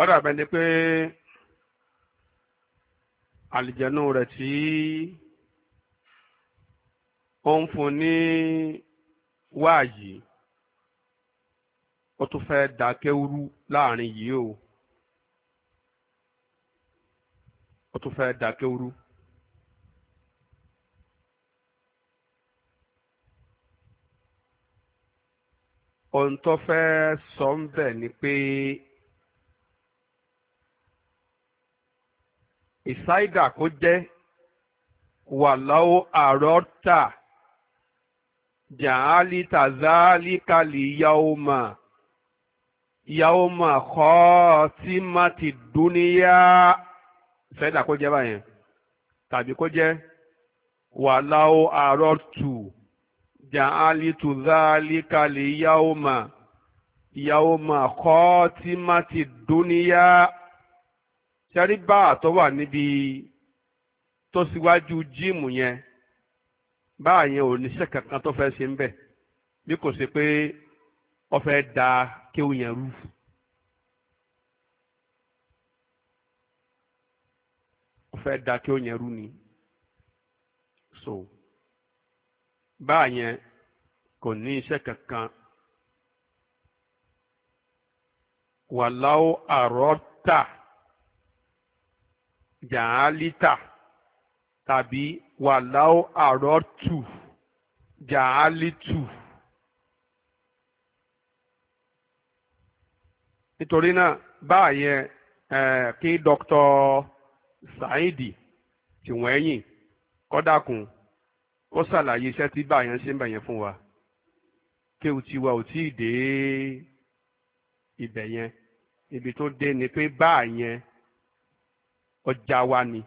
ọ̀dà bẹ́ẹ̀ ni pé àlìjẹ̀nù rẹ̀ tí ó ń fún ní wáàyí ó tún fẹ́ dákẹ́wúrú láàrin yìí o ó tún fẹ́ dákẹ́wúrú. ohun tó fẹ́ sọ ń bẹ̀ ni pé ìsáìdà kó jẹ́ wàláwó àrọ́tà jàálì tàzálì kalì yaoma yaoma kọ́ tí má ti dúníyà ìsáìdà kó jẹ́ báyẹn tàbí kó jẹ́ wàláwó àrọ́tù jàálì tùzálì kalì yaoma yaoma kọ́ tí má ti dúníyà ṣẹ́rí báà tó wà níbi tó síwájú jíìmù yẹn báà yẹn ò níṣẹ́ kankan tó fẹ́ ṣe ń bẹ̀ bí kò ṣe pé ó fẹ́ da kéwù yẹn rú. ó fẹ́ da kéwù yẹn rú ni so báà yẹn kò ní iṣẹ́ kankan wàláwó àrọ́tà jàálítà tàbí wàláwò àrọ́tù jàálítù. nítorí náà báyẹn kí dr saidi tìwẹ́yìn kọ́dàkùn ó ṣàlàyé iṣẹ́ tí báyẹn ṣe ń bẹ̀yẹn fún wa pé o ti wa ò tí ì dé ibẹ̀ yẹn ibi tó dé ni pé báyẹn ọjà wa ni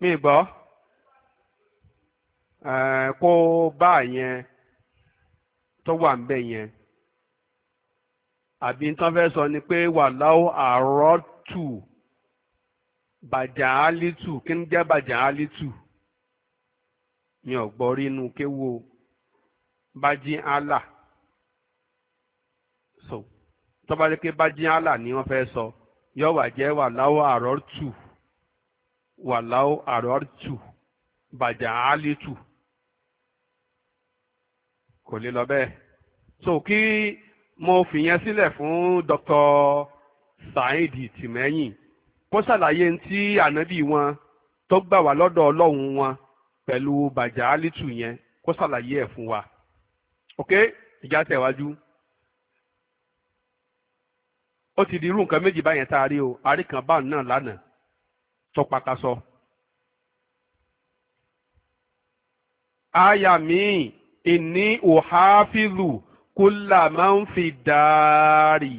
mi gbọ́ kó bá yẹn tó wà ń yẹn àbí tán fẹ́ sọ ni pé wàláwò àárọ̀ tù bàjàálítù kí ni jẹ́ bàjàálítù mi ò gbọ́ rí inú kéwo bájí allah so tọ́ba lé pé bájí àlà ni wọ́n fẹ́ sọ yóò wà jẹ́ wàláwò àrọ́ tù wàláwò àrọ́ tù bàjà àlè tù kò lè lọ bẹ́ẹ̀ so kí mo fìyẹn sílẹ̀ fún Dr. Saheed Tìmẹ́yìn kó ṣàlàyé tí ànábì wọn tó gbà wá lọ́dọ̀ ọlọ́run wọn pẹ̀lú bàjà àlè tù yẹn kó ṣàlàyé ẹ̀ fún wa ok ìjà tẹ̀wájú ó ti di irú nǹkan méjì báyẹn tá a rí o àrí kan báwọn náà lánàá sọ pàkà sọ. àyà mi ìní òháfìlù kúlà máa ń fi dàárì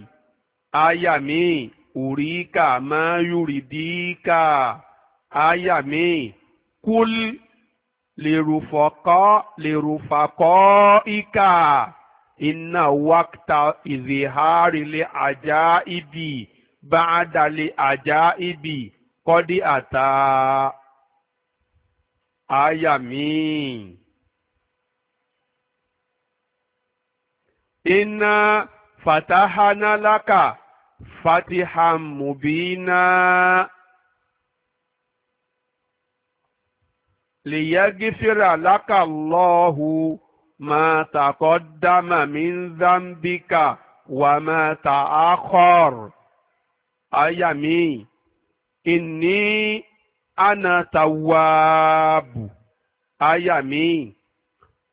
àyà mi òríkà máa ń yùrìdíkà àyà mi kúl lèrò fọkọ́ lèrò fàkọ́ ìkà inna wakta izihari li ajaibi ba'da li ajaibi kọ́dí àtà àyà mi. inna fatahana laka fatihan mubina. liyagifira laka Allahu. ما تقدم من ذنبك وما تأخر أيامي إني أنا تواب أيامي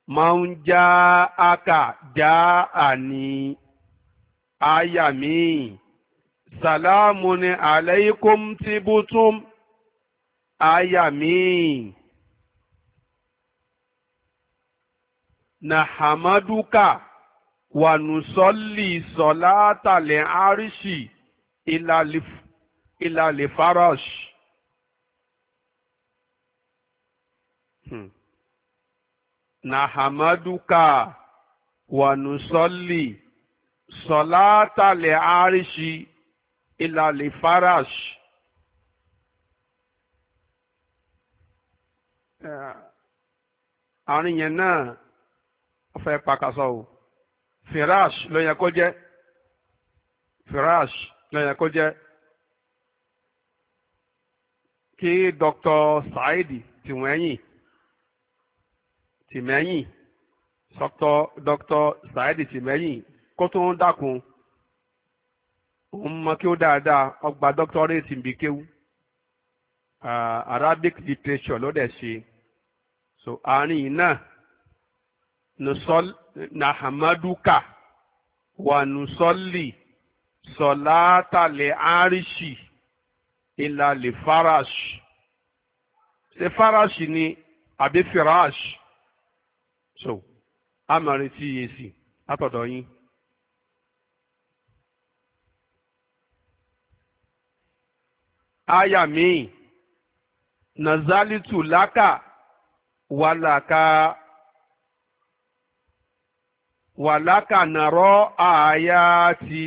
من جاءك جاءني أيامي سلام عليكم تبتم أيامي nahamaduka wa nusolli solata li arishi ila li ila li farash hmm. nahamaduka wa nusolli solata li arishi ila li farash eh, àárín yẹn náà fẹ́ pakasọ o firash ló yẹ kó jẹ́ firash ló yẹ kó jẹ́ kí Dr. Saidi tìwẹ́yìn tìmẹ́yìn Dr. Dr. Saidi tìmẹ́yìn kó tó ń dákun òun mọ kí ó dáadáa ọgbà dọ́kítọ́rẹ́ẹ̀tì ń bi kéwú ah, Arabic literature ló dẹ̀ ṣe so àárín yìí náà nusol nahamaduka wa nusolli solata le arishi ila le farash ṣe ni àbí so a máa retí èsì látọ̀dọ̀ yín. aya miin nazalitu wàlákànàrọ́ àyà ti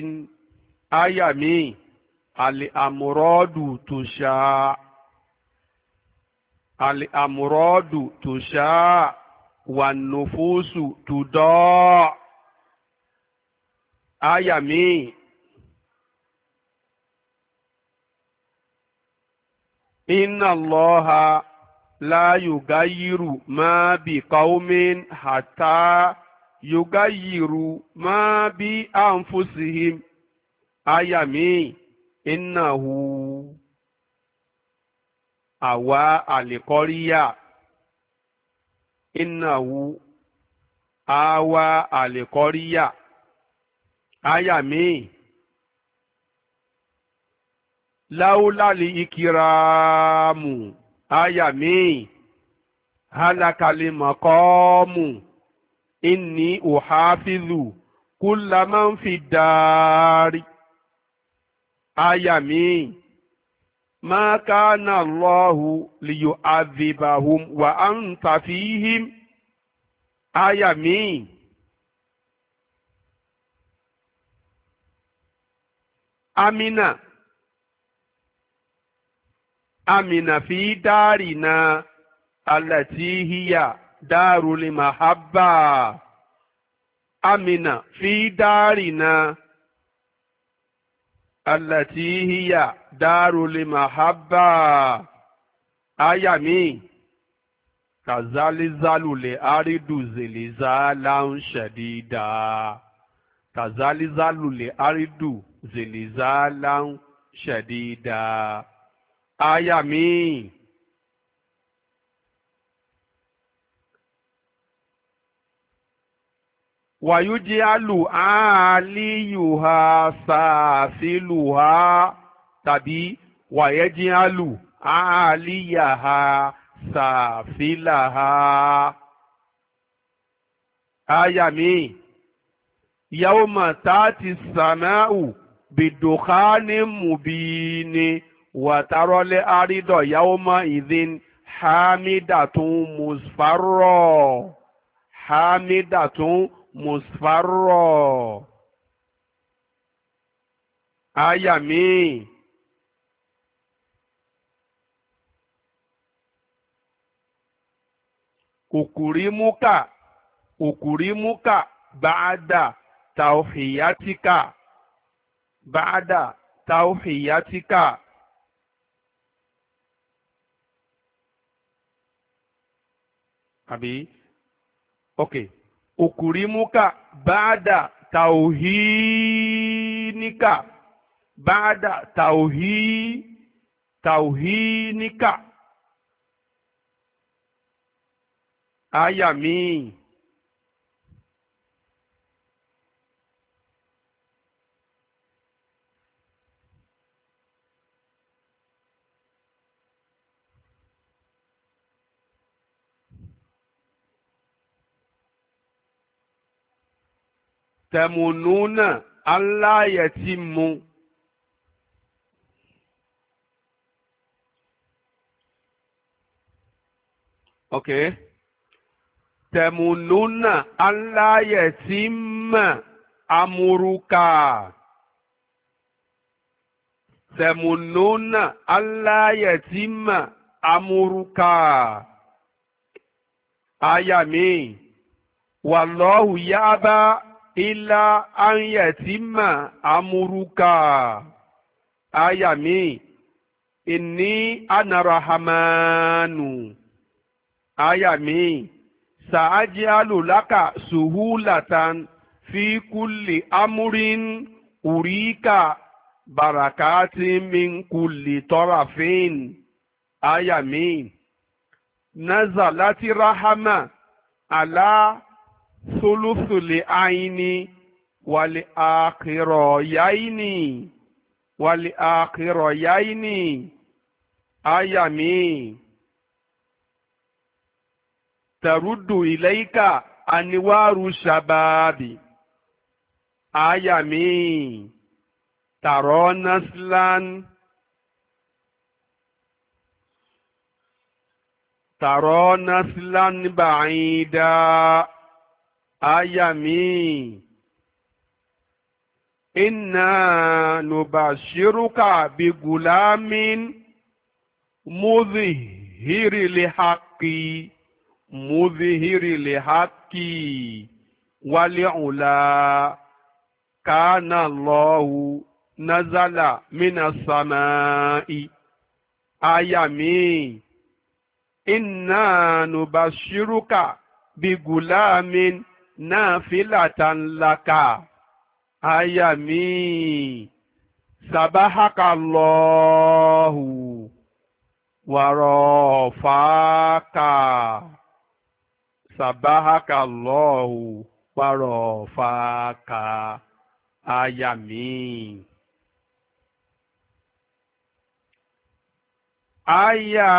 àyà mi àlè àmúrọ́dù tó ṣá àlè àmúrọ́dù tó ṣá wà nùfúsù tó dọ́ àyà mi. inna allaha la yugayiru ma bi qaumin hatta yòókà yìrù máa bí àǹfọ̀sìhìm àyàmí ìnáhù àwa àlèkọ́ríyà ìnáhù àwa àlèkọ́ríyà àyàmí láúláàlì ìkìràmù àyàmí hálàkàlì mọ̀kọ́mù. إني أحافظ كل من في الدار آية مين ما كان الله ليعذبهم وأنت فيهم آية مين أمينة أمينة في دارنا التي هي dárul mahabba amina fi dárìna allati hiya dárul mahabba ayami kazalizalu le aridu zilizalan shadida kazalizalu le aridu zilizalan shadida ayami. wàyújí àlù àálíyùhà sàfìlùhà tàbí wàyẹ́jí àlù àálíyàhà sàfìlàhà. Aya mi, yàwó màtá ti sàmáù bìdùkánì mùbíní wàtàrọ́lẹ̀ àrídọ̀ yàwó mọ́ ìdín hamidatun musfarọ̀ hamidatun musfarọ̀ musfarọ àyà míì òkùrímúkà òkùrímúkà bàádà tàòhìyátìkà bàádà tàòhìyátìkà. àbí okay okùrímúkà báàdà tàòhíníkà báàdà tàòhí tàòhíníkà àyà míì. tẹ̀mùnúnà aláyẹ̀tì mu. ok tẹ̀mùnúnà aláyẹ̀tì mọ̀ amúrúkà tẹ̀mùnúnà aláyẹ̀tì mọ̀ amúrúkà àyà mi wàlọ́hù yá ilá anyatima amuruka ayami inni anarahamanu ayami sa'ajialu laka suhulatan fi kulli amurin urika barakati min kulli torafin ayami nazalati rahama ala solosole aini wali akiro yaini wali akiro yaini ayami tarudu ilaika aniwaru shababi ayami taro naslan taro naslan ba'ida. aya míì inna nubashiruka bi gulamin mudhihiri lihaqi mudhihiri lihaqi wali'ula kana Allahu nazala minas samai aya míì inna nubashiruka bi gulamin. náà fílàtà ńláka àyà míì sàbáhákà lọ́ọ̀hù wàrọ̀ fàákà sàbáhákà lọ́ọ̀hù wàrọ̀ fàákà àyà míì. àyà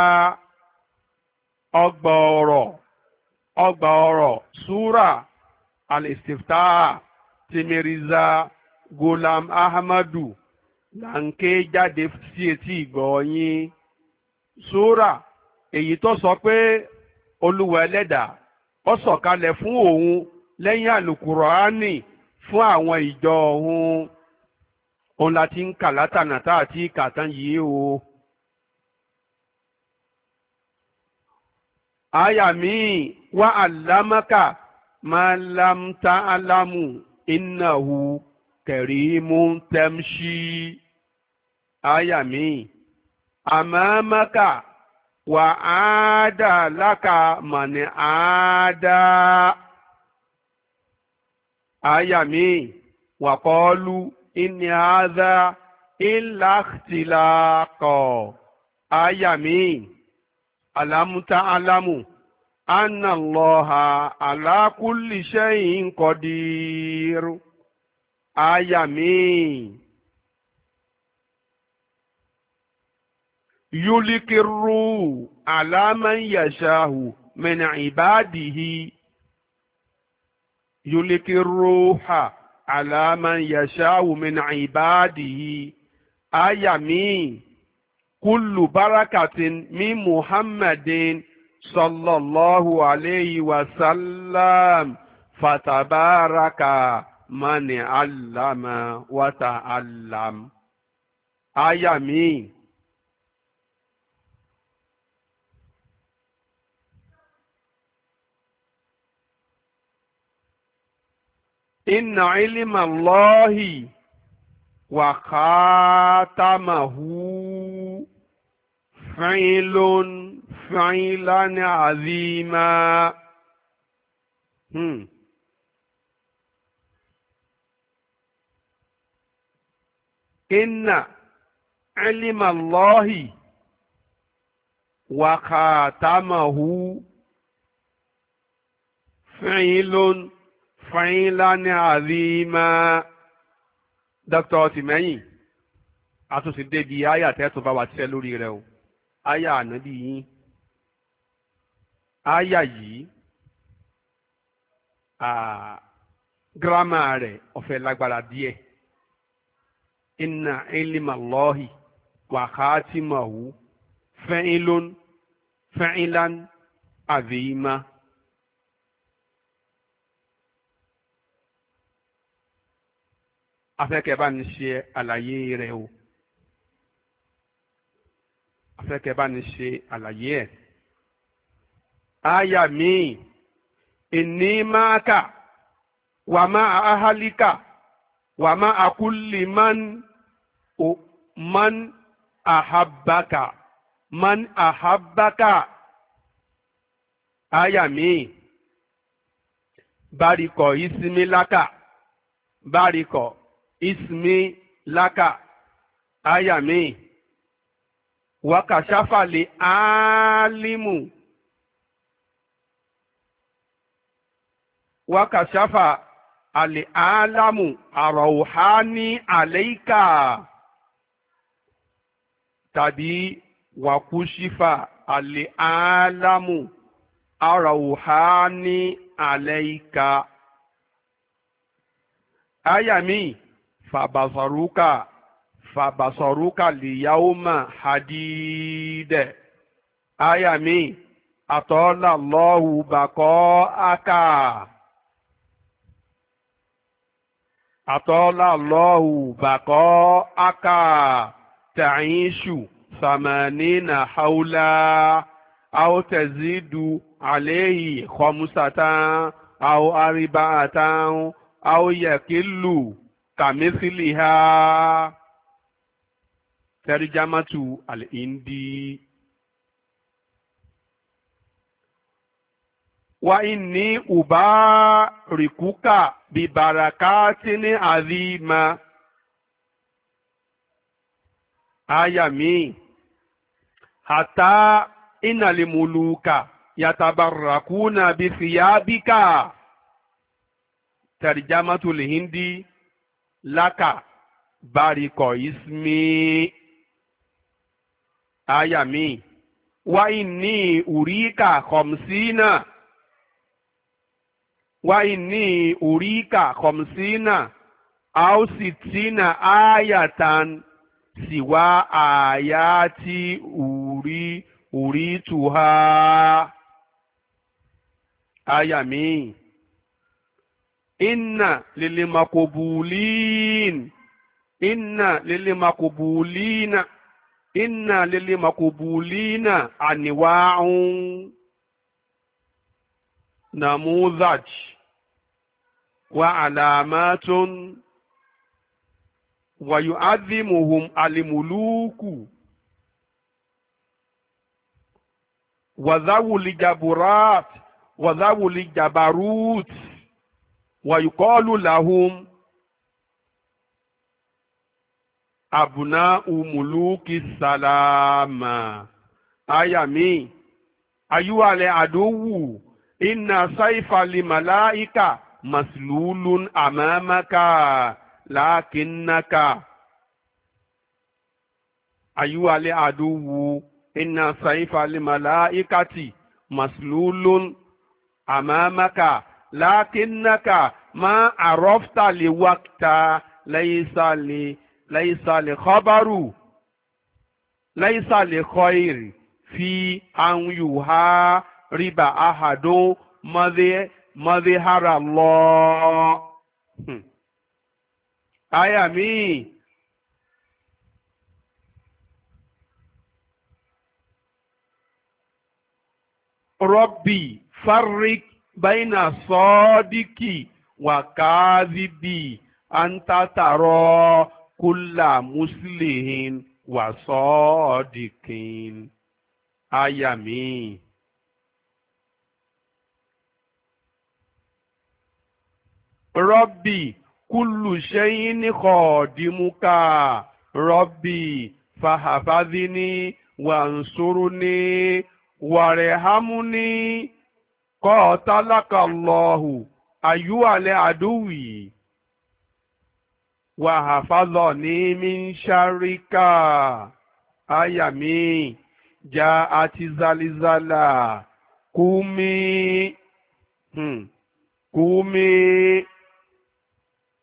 ọgbà ọ̀rọ̀ ọgbà ọ̀rọ̀ súrà al’istifta ti meriza gulam ahmadu na nke jade si eti igbe onye sora eyi to so pe oluwa eleda o so kale fun ohun leyin alukurani fun awon ijo ohun on lati n ka latana ta ati katan yi o aya mi wa alamaka ma lam ta'lamu innahu karimun tamshi ayami amamaka wa ada laka man ada ayami wa qalu inni hadha illa ikhtilaqa ayami alam ta'lamu anna allaha ala kulli shay'in qadir aya mi yulikiru ala man yashahu min ibadihi yulikiruha ala man yashahu min ibadihi aya mi kullu barakatin min muhammadin صلى الله عليه وسلم فتبارك من علم وتعلم آية مين إن علم الله وخاتمه فعل فعلا عظيما هم. إن علم الله وخاتمه فعل فعلا عظيما دكتور تيمين àtúnṣe débi àyà tẹ́tù bá wà tíṣẹ́ lórí rẹ̀ o àyà ànábì yín àyà yìí gírámà rẹ̀ ọ̀fẹ́ lágbára díẹ̀ inna ilmallahi wa khatimahu fẹ́ńlón fẹ́ńlán àdéhìmá. afẹ́kẹ́ bá ní ṣe àlàyé rẹ̀ o afẹ́kẹ́ bá ṣe àlàyé ẹ̀ àyà míì ìní máa kà wà máa ahálíkà wà máa akúlì man o man ahabbaka man ahabbaka àyà míì bárikọ̀ ìsinmi lákà bárikọ̀ ìsinmi lákà àyà míì wàkàṣáfàlì áálímù. wákàṣáfà àlè álámù àrọ̀hání àlẹ́ìkà tàbí wàkúṣífà àlè álámù àrọ̀hání àlẹ́ìkà. Aya mi fàbàṣọ̀rúkà fàbàṣọ̀rúkà lìyàwó mà hadídẹ̀. Aya mi àtọ́lá lọ́hùn bàkọ́ ákà. àtọ́lá lọ́hù bàkọ́ áká tàyínṣù sàmánínà haúlá àótẹ̀zídù àléyìí kọmúsátán àó àríbáàtán àó yẹ̀kílù kàmísílì ha tẹ̀rìjámátù àlìndí. wa inni ubarikuka bibarakatini adhima aya mi hata inal muluka yatabarakuna bithiyabika tarjamatul hindi laka bariko ismi aya mi wa inni urika khamsina Waini urika khamsina au sitina ayatan siwa ayati uri urituha aya mi inna lilimakubulin inna lilimakubulina inna lilimakubulina aniwaun namuzaji. وعلامات ويعظمهم الملوك وذو الجبرات وذو الجبروت ويقال لهم أبناء ملوك السلام آية مي أيها العدو إن سيف الملائكة maslulun amamaka lakinnaka ayuwale aduwu inna saifa limala'ikati maslulun amamaka lakinnaka ma arofta liwakta laisa li laisa li khabaru laisa li khairi fi an yuha riba ahadu madhi mọ́díhárà lọ. Àyà míì. Rọ́bì fárík báyìí sọ́ọ́díkì wà káàdìbì àǹtàtàrọ́ kúlà mùsùlùmí wà sọ́ọ́díkì. Àyà míì. rọ́bì kúlù ṣẹ́yìn ní kọ̀ọ̀dìmúkà rọ́bì fàhàfàdínì wàǹsórúnì wàrẹ̀hámúnì kọ́ọ̀tálákà lọ́hù àyúwàlẹ̀ àdúwì wàhàfàlọ́ ní míṣáríkà àyàmí jà àti zalizala kúmi. Hmm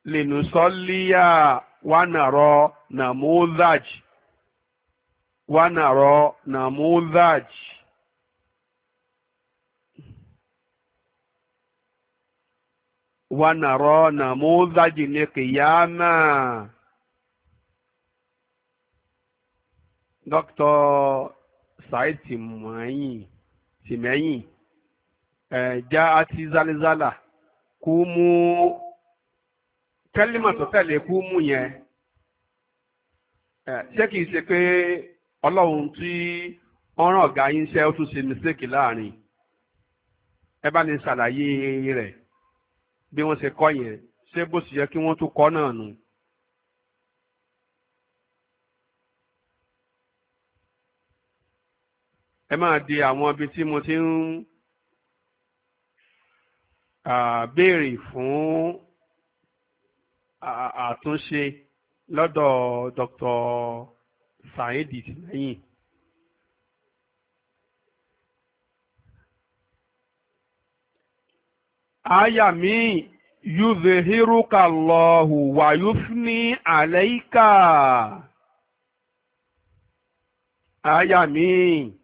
lìnùsọ́líyà wánàrọ̀ nàmúdàj wánàrọ̀ nàmúdàj. ونرى نموذج لقيامة دكتور سعيد سمعين سمعين جاءت زلزلة قوموا kẹ́límà tó tẹ̀lé kú mú yẹn ṣé kìí ṣe pé ọlọ́run tí ọ̀ràn ọ̀gá yín ṣe ó tún ṣe mistake láàrin ẹ bá ní ṣàlàyé rẹ̀ bí wọ́n ṣe kọ́ yẹn ṣé bó ṣe yẹ kí wọ́n tún kọ́ náà nù. ẹ máa di àwọn ibi tí mo ti ń béèrè fún àtúnṣe lọ́dọ̀ Dr. Saheed Tinẹ́yìn. àyà míì yudhiruka Allahu wa yufni alayka àyà míì.